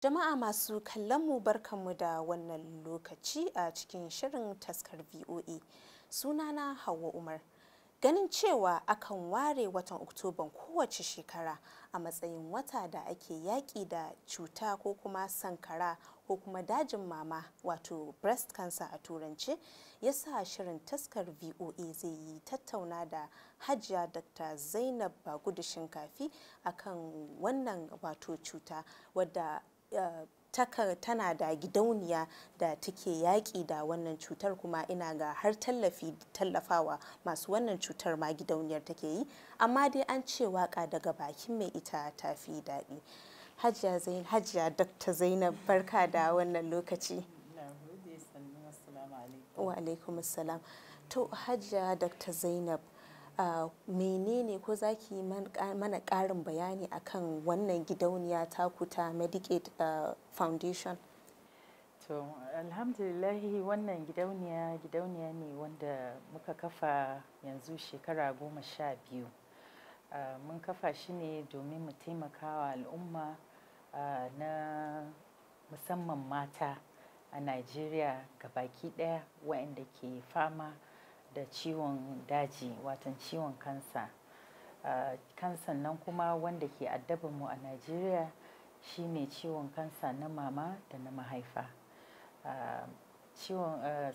Jama'a masu kallon mu barkanmu da wannan lokaci a cikin shirin taskar VOA. Sunana Hauwa Umar. Ganin cewa akan ware watan Oktoban kowace shekara a matsayin wata da ake yaƙi da cuta ko kuma sankara ko kuma dajin mama wato breast cancer a turance ya sa shirin taskar VOA zai yi tattauna da hajiya Dr. Zainab Bagudu Shinkafi akan wannan wato cuta wadda takar tana da gidauniya da take yaƙi da wannan cutar kuma ina ga har tallafi tallafawa masu wannan cutar ma gidauniyar take yi amma dai an ce waka daga bakin mai ita ta fi daɗi hajiya dr zainab barka da wannan lokaci wa alaikum assalam to hajiya dr zainab menene ko za ki mana ƙarin bayani akan wannan gidauniya ta kuta medicaid foundation to alhamdulillahi wannan gidauniya gidauniya ne wanda muka kafa yanzu shekara goma sha biyu mun kafa shi ne domin mu taimakawa al'umma na musamman mata a Najeriya baki ɗaya waɗanda ke fama da ciwon daji watan ciwon kansa ah, kansan nan kuma wanda ke mu a najeriya shine ciwon kansa na mama da na mahaifa ah, ciwon ah,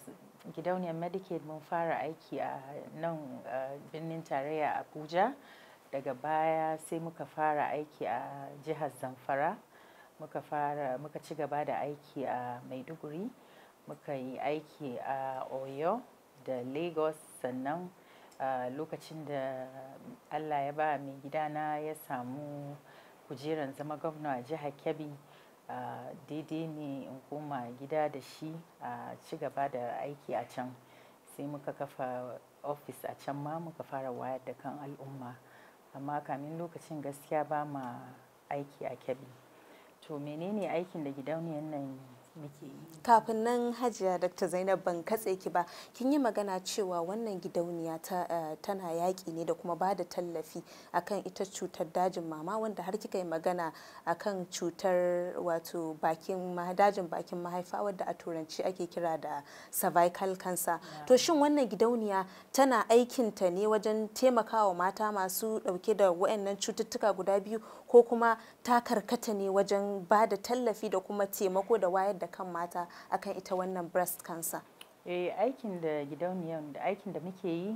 gidauniyar medicaid mun fara aiki a nan birnin tarayya abuja daga baya sai muka fara aiki a jihar zamfara muka ci gaba da aiki a maiduguri muka yi aiki a oyo da lagos sannan lokacin da allah ya ba mai gidana ya samu kujeran zama gwamna a jihar kebbi daidai ne in koma gida da shi a ci gaba da aiki a can sai muka kafa ofis a can ma muka fara wayar da kan al'umma amma kamin lokacin gaskiya ba ma aiki a kebbi to menene aikin da gidauniyar nan kafin nan hajiya dr zainab ban katse ki ba kin yi magana cewa wannan gidauniya eh, tana yaƙi ne da kuma ba da tallafi akan ita cutar dajin mama wanda har kika yi magana akan cutar wato bakin dajin bakin mahaifa wadda a turanci ake kira da cervical cancer to shin wannan gidauniya tana aikinta ne wajen taimakawa mata masu ɗauke da waɗannan cututtuka guda biyu ko kuma ta karkata ne wajen ba da tallafi da kuma taimako da wayar da kan mata akan ita wannan breast cancer eh aikin da gidauniyan da aikin da muke yi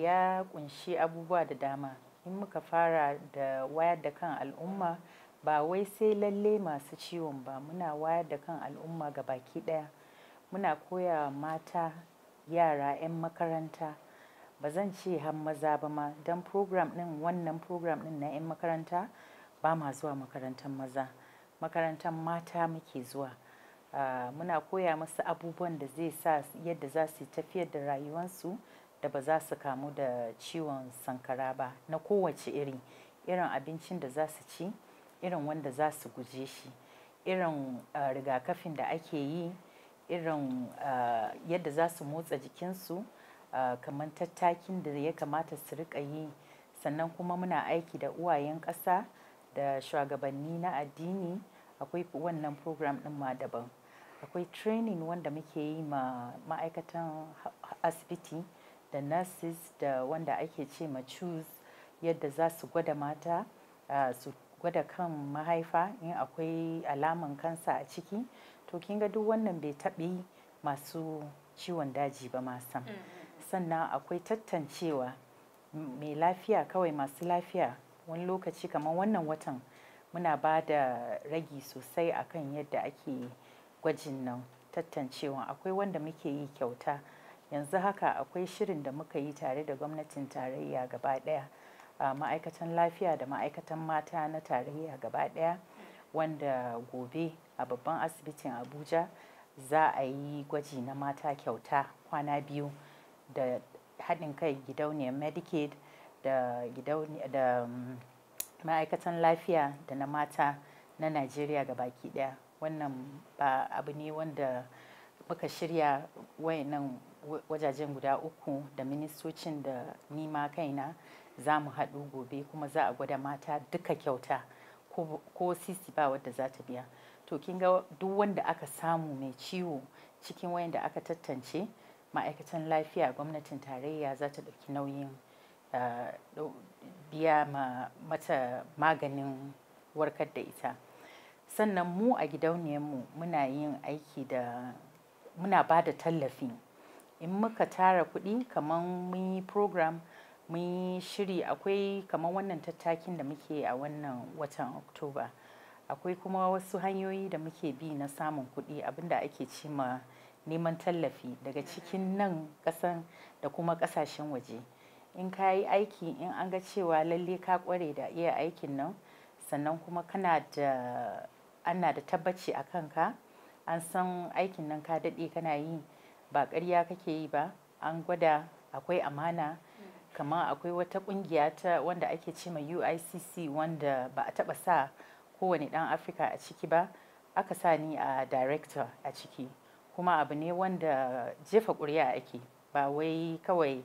ya kunshi abubuwa da dama in muka fara da wayar da kan al'umma ba wai sai lalle masu ciwon ba muna wayar da kan al'umma ga baki daya muna koya mata yara 'yan makaranta ba zan ce har maza ba ma don program din wannan program din na 'yan makaranta ba ma zuwa makarantar maza makarantar mata muke zuwa Ah, muna koya musu abubuwan da zai sa yadda za su tafiyar da rayuwarsu da ba za su kamu da ciwon sankara ba na kowace iri irin abincin da za su ci irin wanda za su guje shi irin ah, rigakafin da ake yi irin ah, yadda za su motsa jikinsu kamar tattakin da ya kamata su rika yi sannan kuma muna aiki da uwayen ƙasa da shugabanni na addini akwai wannan program ɗin ma daban akwai training wanda muke yi ma ma'aikatan asibiti da nurses da wanda ake ce ma choose yadda za su gwada mata su gwada kan mahaifa in akwai alaman kansa a ciki to kin ga duk wannan bai taɓi masu ciwon daji ba ma mm, mm, mm. sannan akwai tantancewa mai lafiya kawai masu lafiya wani lokaci kamar wannan watan muna ba da ragi sosai akan yadda ake gwajin nan tantancewa akwai wanda muke yi kyauta yanzu haka akwai shirin da muka yi tare da gwamnatin tarayya gaba daya ma'aikatan lafiya da ma'aikatan mata na tarayya gaba daya wanda gobe a babban asibitin abuja za a yi gwaji na mata kyauta kwana biyu da haɗin kai gidauniyar medicaid da, mm, ma'aikatan lafiya da na mata na najeriya ga baki daya wannan ba abu ne wanda muka shirya wayannan wajajen guda uku da ministocin da nima kaina za mu haɗu gobe kuma za a gwada mata duka kyauta ko sisi ba wadda za ta biya to kin ga duk wanda aka samu mai ciwo cikin wayanda aka tattance ma'aikatan lafiya gwamnatin tarayya za ta ɗauki nauyin ah, biya mata maganin warkar da ita sannan mu a gidauniyarmu muna yin aiki da muna ba da tallafi in muka tara kuɗi kamar mun yi program mun yi shiri akwai kamar wannan tattakin da muke a wannan watan oktoba akwai kuma wasu hanyoyi da muke bi na samun kuɗi abinda ake cima ma neman tallafi daga cikin nan ƙasan da kuma ƙasashen waje in ka yi aiki in an ga cewa lalle ka kware da iya aikin nan sannan kuma kana da ana da tabbaci a kanka an san aikin nan ka daɗe kana yi ba karya kake yi ba an gwada akwai amana kamar akwai wata ƙungiya ta wanda ake ce ma uicc wanda ba a taɓa sa kowane ɗan afirka a ciki ba aka sa ni a director a ciki kuma abu ne wanda jefa ƙuri'a ake ba wai kawai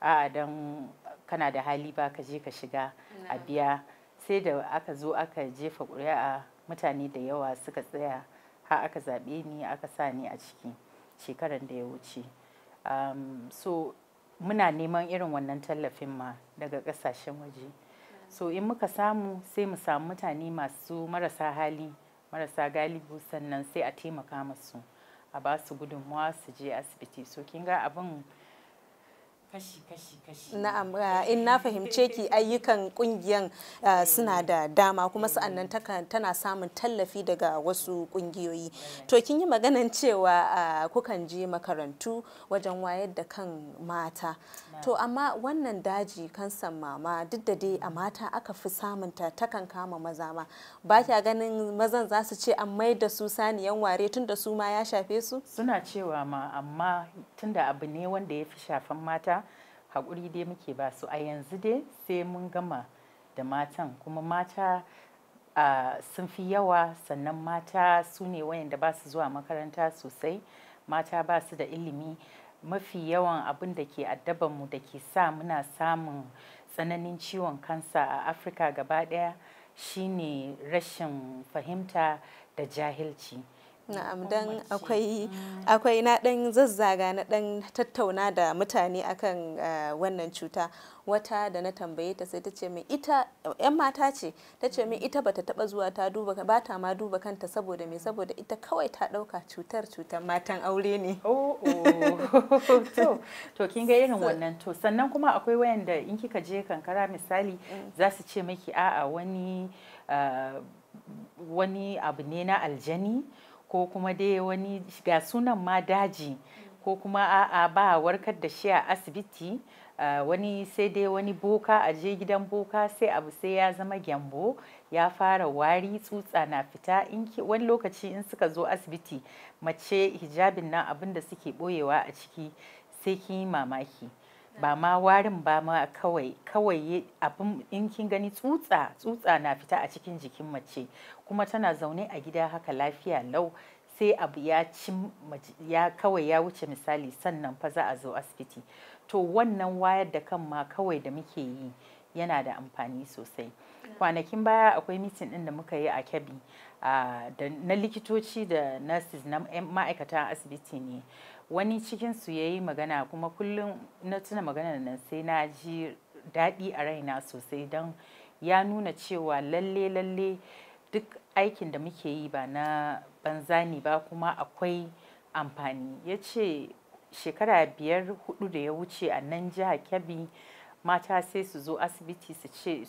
a don kana da hali ba ka je ka shiga a biya sai da aka zo aka jefa ƙuri'a mutane da yawa suka tsaya har aka zaɓe ni aka sa ni a ciki shekaran da ya wuce um, so muna neman irin wannan tallafin ma daga ƙasashen waje so in muka samu sai mu samu mutane masu marasa hali marasa galibu sannan sai a taimaka masu a ba su gudunmuwa su je asibiti so kin ga abin Na'am uh, in na fahimce ki ayyukan kungiyan uh, suna eh. da dama kuma sa'annan eh. tana samun tallafi daga wasu kungiyoyi. To kin yi maganan cewa uh, kukan je makarantu wajen wayar da kan mata. To amma wannan daji kansan mama duk da dai a mata aka fi samunta takan kama maza ma. Ba kya ganin mazan za su ce an mai da su saniyan ware tun da su ma ya shafe su? Suna cewa ma amma tun da abu ne wanda ya fi shafan mata hakuri dai muke ba su a yanzu dai sai mun gama da matan kuma mata sun fi yawa sannan mata su ne wayanda ba su zuwa makaranta sosai mata ba su da ilimi mafi yawan abin da ke mu da ke sa muna samun tsananin ciwon kansa a afirka gaba daya shine rashin fahimta da jahilci. na'am dan akwai mm. akwai na dan zazzaga na dan tattauna da mutane akan eh, wannan cuta wata da na tambaye ta sai ta ce min ita yan mata ce ta ce min mm. ita bata taba zuwa ta duba ba ta ma duba kanta saboda me saboda ita kawai ta dauka cutar cutar matan aure ne oh, oh. to to kin ga irin wannan to sannan kuma akwai wayanda in kika je kankara misali mm. za su ce miki a'a wani eh, wani abu ne na aljani ko kuma dai wani ga sunan ma daji ko kuma a'a ba warkar da shi a asibiti eh, wani sai dai wani boka a je gidan boka sai abu sai ya zama gyambo ya fara wari tsutsa na fita in wani lokaci in suka zo asibiti mace hijabin nan abin da suke boyewa a ciki sai kin yi mamaki ba ma warin ba ma kawai kawai abin in kin gani tsutsa tsutsa na fita a cikin jikin mace kuma tana zaune a gida haka lafiya lau sai abu ya ci ya kawai ya wuce misali sannan fa za a zo asibiti to wannan wayar da kan ma kawai da muke yi yana da amfani sosai kwanakin baya akwai mitin din da muka yi a kebbi na likitoci da nurses na ma'aikatan asibiti ne wani cikin su yayi magana kuma kullum na tuna magana nan sai na ji daɗi a raina sosai don ya nuna cewa lalle lalle duk aikin da muke yi ba na banza ne ba kuma akwai amfani ya ce shekara biyar hudu da ya wuce a nan jiha kebbi mata sai su zo asibiti su ce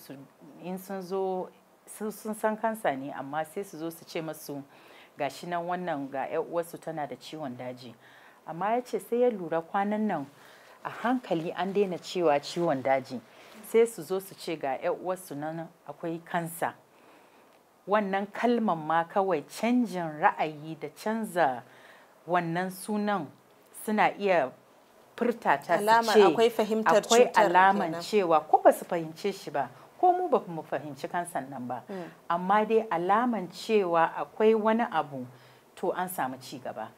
in sun zo sun san kansa ne amma sai su zo su ce masu gashi nan wannan ga wasu tana da ciwon daji amma ya ce sai ya lura kwanan nan a hankali an daina cewa ciwon daji sai su zo su ce ga 'yan uwarsu nan akwai kansa wannan kalman ma kawai canjin ra'ayi da canza wannan sunan suna iya furta ta ce akwai alaman cewa ko ba su fahimce shi ba ko mu ba mu fahimci kansan nan ba mm. amma dai alaman cewa akwai wani abu to an samu ci gaba.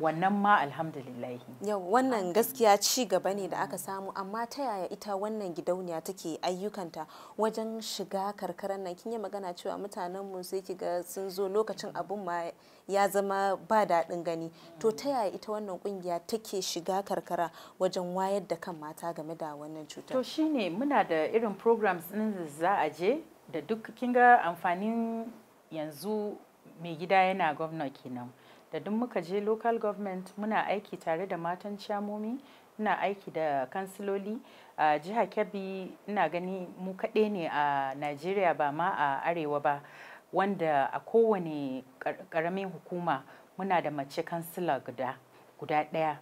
wannan ma alhamdulillahi yau wannan gaskiya ci gaba ne da aka samu amma ta yaya ita wannan gidauniya take ayyukanta wajen shiga karkarar nan kin yi magana cewa mutanen mu sai kiga sun zo lokacin abun ma ya zama ba daɗin gani to ta yaya ita wannan kungiya take shiga karkara wajen wayar da kan mata game da wannan cutar to shine muna da irin programs in da za a je da duk kinga amfanin yanzu mai gida yana gwamna kenan da duk muka je local government muna aiki tare da matan camomi ina aiki da kansiloli a jiha kebbi ina gani mu kaɗai ne a najeriya ba ma a arewa ba wanda a kowane ƙaramin hukuma muna da mace kansila guda guda ɗaya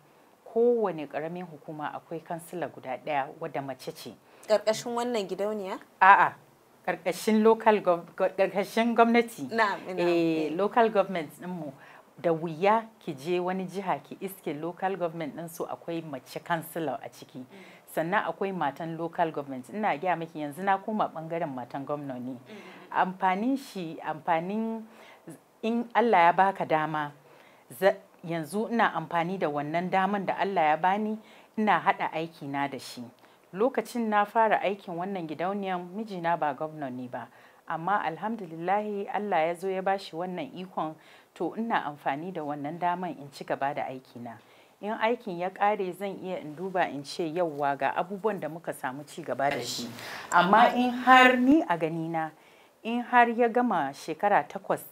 kowane ƙaramin hukuma akwai kansila guda ɗaya wadda mace ce ƙarƙashin wannan gidauniya a'a ƙarƙashin gwamnati na eh, eh. local government ɗinmu da wuya ki je wani jiha ki iske local government din su akwai mace kansila a ciki sannan akwai matan local government ina gaya maki yanzu na koma bangaren matan gwamna ne amfanin shi amfanin in Allah ya baka dama yanzu ina amfani da wannan daman da Allah ya bani ina hada aiki na da shi lokacin na fara aikin wannan gidauniyar mijina ba gwamna ne ba amma alhamdulillahi Allah ya zo ya bashi wannan ikon to ina amfani da wannan daman in ci gaba da aikina in aikin ya kare zan iya in duba in ce yauwa ga abubuwan da muka samu ci gaba da shi amma in har ni a ganina in har ya gama shekara takwas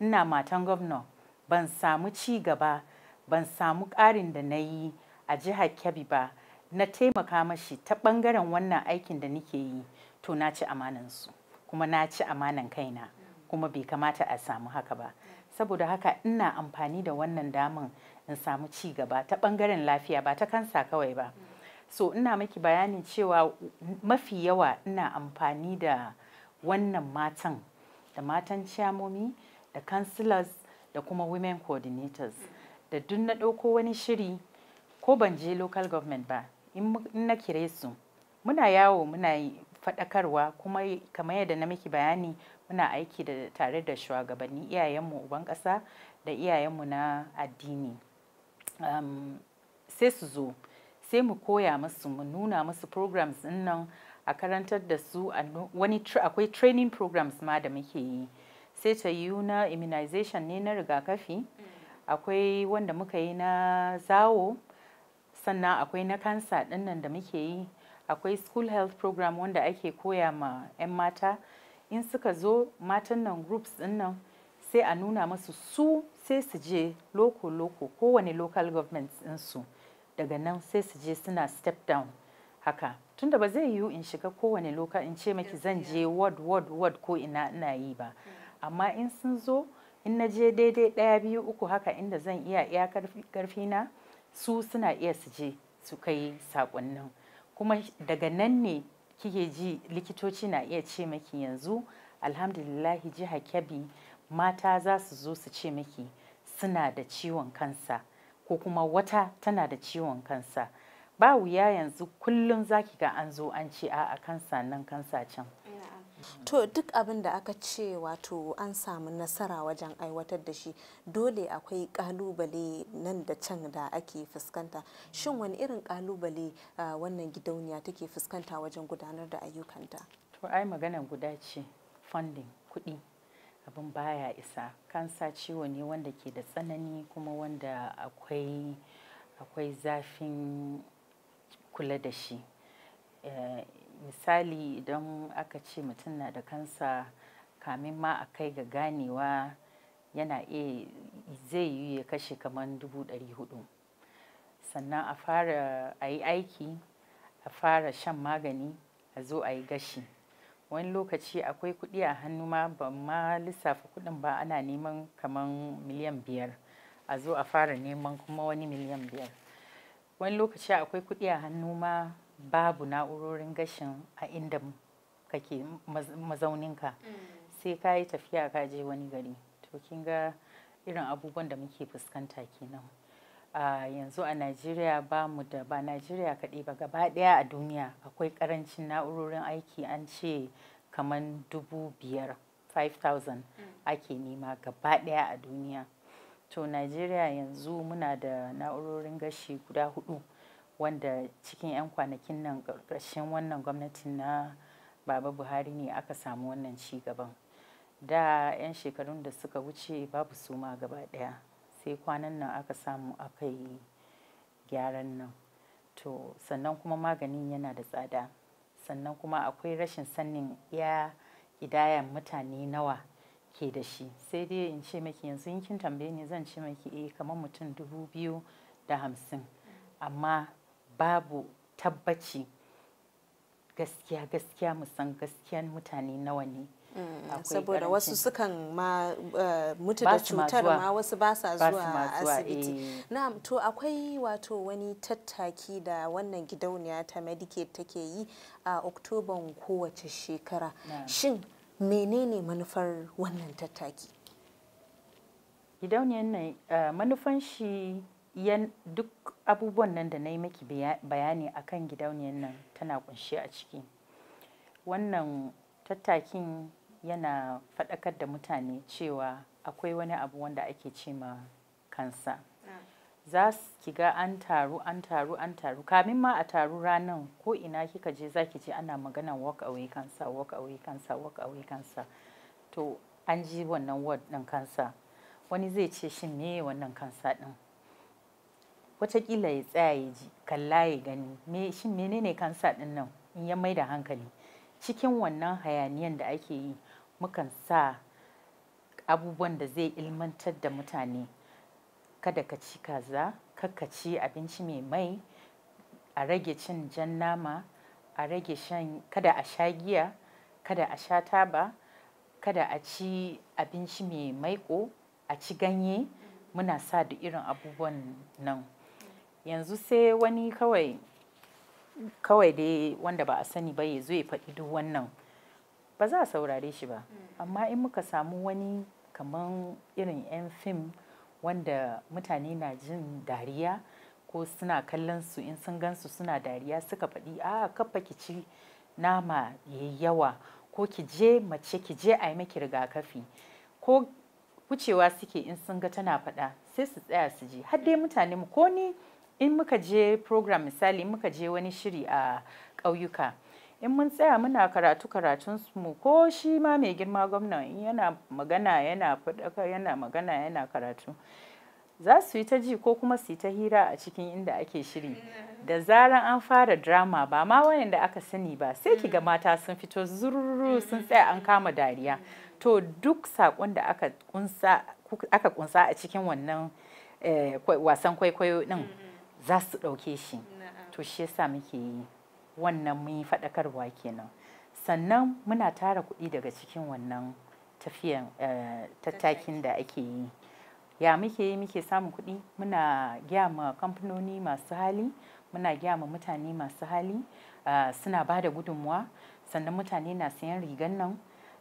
ina matan gwamna ban samu ci gaba ban samu ƙarin da na yi a jihar kyabi ba na taimaka mashi ta bangaren wannan aikin da nike yi to na ci su kuma na ci amanan kaina kuma bai kamata a samu haka ba saboda haka ina amfani da wannan daman in samu ci gaba ta bangaren lafiya ba ta kansa kawai ba so ina maki bayanin cewa mafi yawa ina amfani da wannan matan da matan ciyamomi da councilors da kuma women coordinators da duk na ɗauko wani shiri ko ban je local government ba in na kire su muna yawo muna faɗakarwa kuma kamar yadda na miki bayani muna aiki da tare da shugabanni iyayenmu uban ƙasa da iyayenmu na addini um, sai su zo sai mu koya musu mu nuna musu programs din nan a karantar da su wani akwai training programs ma da muke yi sai ta yi na immunization ne na rigakafi akwai wanda muka yi na zawo sannan akwai na kansa dinnan da muke yi akwai school health program wanda ake koya ma 'yan mata in suka zo matan nan groups din nan sai a nuna masu su sai su je loko ko kowane local government su daga nan sai su je suna step down haka tunda ba zai yiwu in shiga kowane local in ce maki zan je ward ward ward ko ina ina yi ba hmm. amma in sun zo in na je daidai ɗaya biyu uku haka inda zan iya iya karfi na su suna iya su je su kai sakonnin kuma daga nan ne kike ji likitoci na iya ce maki yanzu alhamdulillahi jiha kebbi mata za su zo su ce maki suna da ciwon kansa ko kuma wata tana da ciwon kansa ba wuya yanzu kullum zaki ga an zo an ce a kansa nan kansa can to duk abin da aka ce wato an samu nasara wajen aiwatar da shi dole akwai kalubale nan da can da ake fuskanta shin wani irin kalubale wannan gidauniya take fuskanta wajen gudanar da ayyukanta to ai magana guda ce funding kuɗi abin baya isa kansa ciwo ne wanda ke da tsanani kuma wanda akwai akwai zafin kula da shi eh, misali idan aka ce mutum na da kansa kamin ma a kai ga ganewa yana a zai yi ya kashe kamar dubu ɗari hudu sannan a fara a yi aiki a fara shan magani a zo a yi gashi wani lokaci akwai kuɗi a hannu ma ba ma lissafa kuɗin ba ana neman kamar miliyan biyar a zo a fara neman kuma wani miliyan biyar wani lokaci akwai kuɗi a hannu ma babu na'urorin gashin a inda kake mazauninka mm. sai ka yi tafiya ka je wani gari to kin ga irin abubuwan da muke fuskanta kenan a yanzu a najeriya ba mu da ba najeriya kaɗai ba gaba ɗaya a duniya akwai ƙarancin na'urorin aiki an ce kamar dubu biyar 5,000 mm. ake nema gaba ɗaya a duniya to najeriya yanzu muna da na'urorin gashi guda hudu wanda cikin 'yan kwanakin nan ƙarshen wannan gwamnatin na baba buhari ne aka samu wannan ci gaban da 'yan shekarun da suka wuce babu suma ma gaba ɗaya sai kwanan nan aka samu aka yi gyaran nan to sannan kuma maganin yana da tsada sannan kuma akwai rashin sanin ya idayan mutane nawa ke da shi sai dai in ce maki yanzu in kin tambaye ni zan ce maki eh kamar mutum dubu biyu da hamsin amma babu tabbaci gaskiya gaskiya musan gaskiyan mutane nawa ne mm, saboda wasu sukan ma eh, mutu da cutar ma wasu ba sa zuwa asibiti eh. na'am to akwai wato wani tattaki da wannan gidauniya ta medicaid take yi a oktoban kowace shekara shin menene manufar wannan tattaki gidauniyar nan eh, manufan shi duk abubuwan nan da na yi maki bayani a kan gidauniyar nan tana kunshe a ciki wannan tattakin yana faɗakar da mutane cewa akwai wani abu wanda ake ce ma kansa za ki ga an taru an taru an taru kamin ma a taru ranar ko ina kika je za ki je ana magana walk away kansa walk away kansa walk away kansa to an ji wannan word ɗin kansa wani zai ce shi ne wannan kansa ɗin watakila ya tsaya ya ji kalla ya gani me shin menene kansa din nan in ya mai da hankali cikin wannan hayaniyan da ake yi mukan sa abubuwan da zai ilmantar da mutane kada ka ci kaza kakka ci abinci mai mai a rage cin jan nama a rage shan kada a sha giya kada a sha taba kada a ci abinci mai maiko a ci ganye muna sa da irin abubuwan nan yanzu sai wani kawai kawai dai wanda ba a sani ba ya zo ya faɗi duk wannan ba za a saurare shi ba mm. amma in muka samu wani kamar irin 'yan fim wanda mutane na jin dariya ko suna kallon su in sun gansu suna dariya suka faɗi a kafa ki ci nama yayi yawa ko ki je mace ki je a yi maki rigakafi ko wucewa suke in sun ga tana faɗa sai su tsaya su je har dai mutane mu ko ni in muka je program misali muka je wani shiri a ƙauyuka in mun tsaya muna karatu karatun mu ko shi ma mai girma gwamna yana magana yana fadaka yana magana yana karatu za su yi ta ji ko kuma su yi ta hira a cikin inda ake shiri da zaran an fara drama ba ma da aka sani ba sai ki ga mata sun fito zururu sun tsaya an kama dariya to duk sakon da aka kunsa a cikin wannan eh, wasan kwaikwayo din za su ɗauke shi to shi yasa muke yi wannan mun yi faɗakarwa kenan sannan muna tara kuɗi daga cikin wannan tafiyan eh, tattakin da ake yi ya muke yi muke samun kuɗi muna gyama kamfanoni masu hali muna gyama mutane masu hali eh, suna ba da gudunmuwa sannan mutane na sayan rigan nan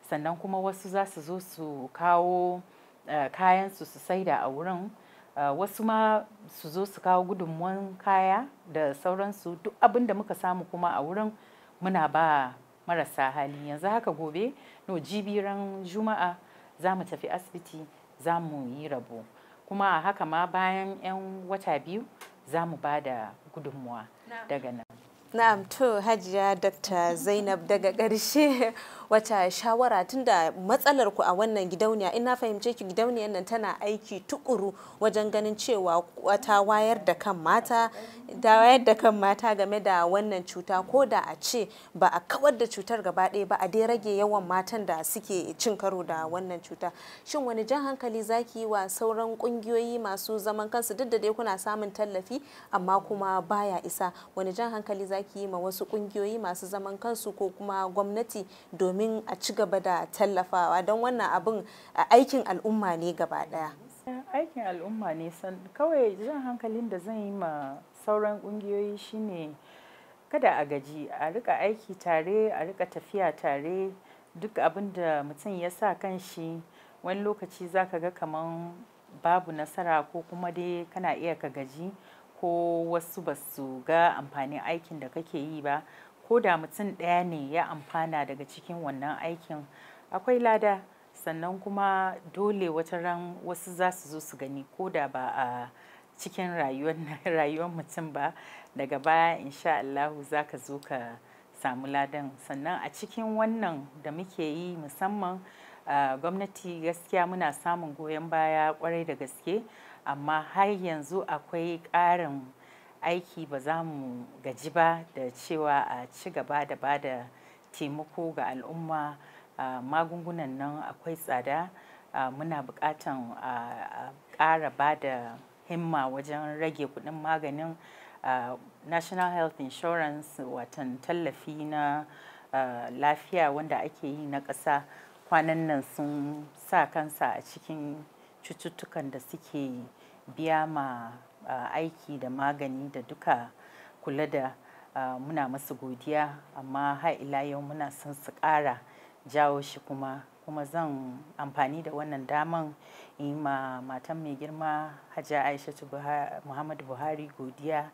sannan kuma wasu za su zo su kawo eh, kayansu su saida a wurin Eh, wasu ma su zo su kawo gudunmuwan kaya da sauransu duk abin da muka samu kuma a wurin muna ba marasa hali yanzu haka gobe no jibiran juma'a za mu tafi asibiti za mu yi rabo kuma a haka ma bayan 'yan wata biyu za mu ba da gudunmuwa daga nan na'am to hajiya dr zainab daga ƙarshe wata shawara tunda matsalar ku a wannan gidauniya ina fahimce ki gidauniyar nan tana aiki tukuru wajen ganin cewa ta wayar da kan mata da wayar da kan mata game da wannan cuta ko da a ce ba a kawar da cutar gaba ɗaya ba a dai rage yawan matan da suke cin karo da wannan cuta shin wani jan hankali zaki yi wa sauran kungiyoyi masu zaman kansu duk da dai kuna samun tallafi amma kuma baya isa wani jan hankali zaki yi ma wasu kungiyoyi masu zaman kansu ko kuma gwamnati domin domin a ci gaba da tallafawa don wannan abin aikin al'umma ne gaba daya aikin al'umma ne kawai jan hankalin da zan yi ma sauran kungiyoyi shine kada a gaji a rika aiki tare a rika tafiya tare duk abin da mutum ya sa kan shi wani lokaci za ka ga kaman babu nasara ko kuma dai kana iya ka gaji ko wasu basu ga amfanin aikin da kake yi ba ko da mutum ɗaya ne ya amfana daga cikin wannan aikin akwai lada sannan kuma dole wata ran wasu za su zo su gani ko da ba a cikin rayuwar mutum ba daga baya insha Allahu za ka zo ka samu ladan sannan a cikin wannan da muke yi musamman gwamnati gaskiya muna samun goyon baya kwarai da gaske amma har yanzu akwai ƙarin aiki ba za mu gaji ba da cewa a ci gaba da ba da taimako ga al'umma magungunan nan akwai tsada muna buƙatan ƙara ba da himma wajen rage kuɗin maganin national health insurance watan tallafi na lafiya wanda ake yi na ƙasa kwanan nan sun sa kansa a cikin cututtukan da suke biya ma aiki da magani da duka kula da muna masu godiya amma har ila yau muna son su ƙara jawo shi kuma kuma zan amfani da wannan daman yi ma matan mai girma hajja aisha muhammadu buhari godiya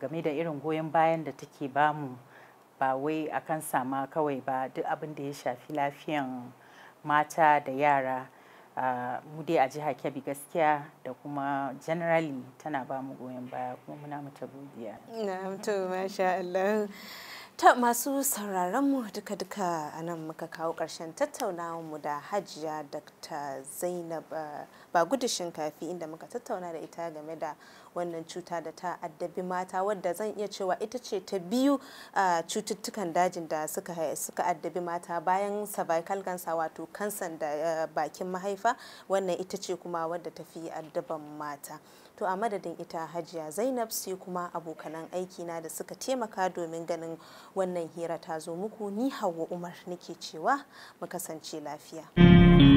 game da irin goyon bayan da take bamu ba wai akan sama kawai ba duk abin da ya shafi lafiyan mata da yara mu dai a jiha kebbi gaskiya da kuma generally tana ba mu goyon baya kuma muna mata godiya. na to masha Allah ta masu sauraron mu duka-duka a nan muka kawo ƙarshen mu da hajiya dr zainab eh, ba gudu shinkafi inda muka tattauna da ita game da wannan cuta da ta addabi mata wadda zan iya cewa ita ce ta biyu a cututtukan dajin da suka suka addabi mata bayan cervical cancer wato kansan da eh, bakin mahaifa wannan ita ce kuma wadda ta fi addaban mata to a madadin ita hajiya zainab sai kuma abokanan aiki na da suka taimaka domin ganin wannan hira ta zo muku ni hawa umar nake cewa mu kasance lafiya.